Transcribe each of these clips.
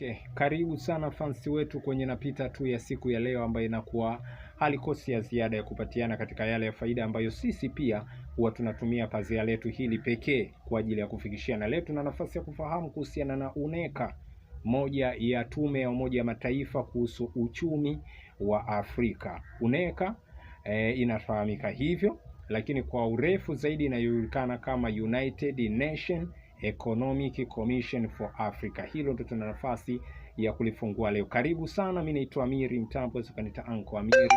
Okay. Karibu sana fansi wetu kwenye napita tu ya siku ya leo ambayo inakuwa halikosi ya ziada ya kupatiana katika yale ya faida ambayo sisi pia huwa tunatumia pazia letu hili pekee kwa ajili ya kufikishia, na leo tuna nafasi ya kufahamu kuhusiana na UNECA, moja ya tume ya Umoja wa Mataifa kuhusu uchumi wa Afrika. UNECA e, inafahamika hivyo, lakini kwa urefu zaidi inayojulikana kama United Nation Economic Commission for Africa. Hilo ndo tuna nafasi ya kulifungua leo. Karibu sana, mimi naitwa Amiri Mtambo, kanita Anko Amiri,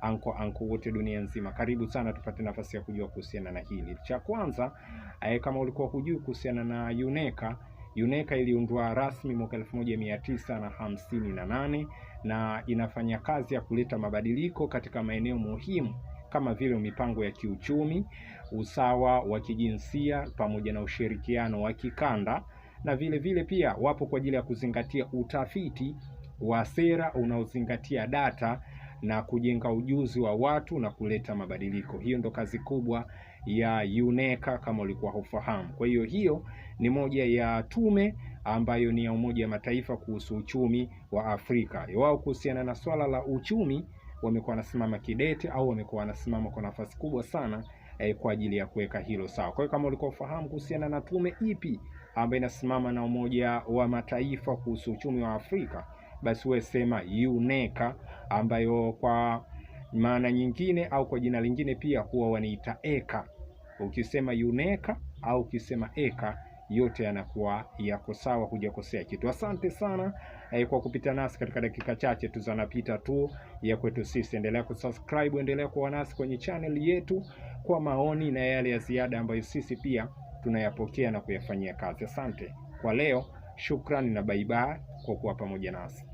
Anko Anko wote dunia nzima, karibu sana, tupate nafasi ya kujua kuhusiana na hili. Cha kwanza eh, kama ulikuwa hujui kuhusiana na UNECA UNECA iliundwa rasmi mwaka 1958 na, na inafanya kazi ya kuleta mabadiliko katika maeneo muhimu kama vile mipango ya kiuchumi, usawa wa kijinsia pamoja na ushirikiano wa kikanda, na vile vile pia wapo kwa ajili ya kuzingatia utafiti wa sera unaozingatia data na kujenga ujuzi wa watu na kuleta mabadiliko. Hiyo ndo kazi kubwa ya UNECA kama ulikuwa hufahamu. Kwa hiyo hiyo ni moja ya tume ambayo ni ya Umoja wa Mataifa kuhusu uchumi wa Afrika. Wao kuhusiana na swala la uchumi wamekuwa wanasimama kidete au wamekuwa wanasimama kwa nafasi kubwa sana eh, kwa ajili ya kuweka hilo sawa. Kwa hiyo kama ulikuwa ufahamu kuhusiana na tume ipi ambayo inasimama na Umoja wa Mataifa kuhusu uchumi wa Afrika, basi wewe sema UNECA, ambayo kwa maana nyingine au kwa jina lingine pia huwa wanaita ECA. Ukisema UNECA au ukisema ECA yote yanakuwa yako sawa, hujakosea kitu. Asante sana eh, kwa kupita nasi katika dakika chache tu zanapita tu ya kwetu sisi. Endelea kusubscribe, endelea kuwa nasi kwenye channel yetu kwa maoni na yale ya ziada ambayo sisi pia tunayapokea na kuyafanyia kazi. Asante kwa leo, shukrani na baibaa kwa kuwa pamoja nasi.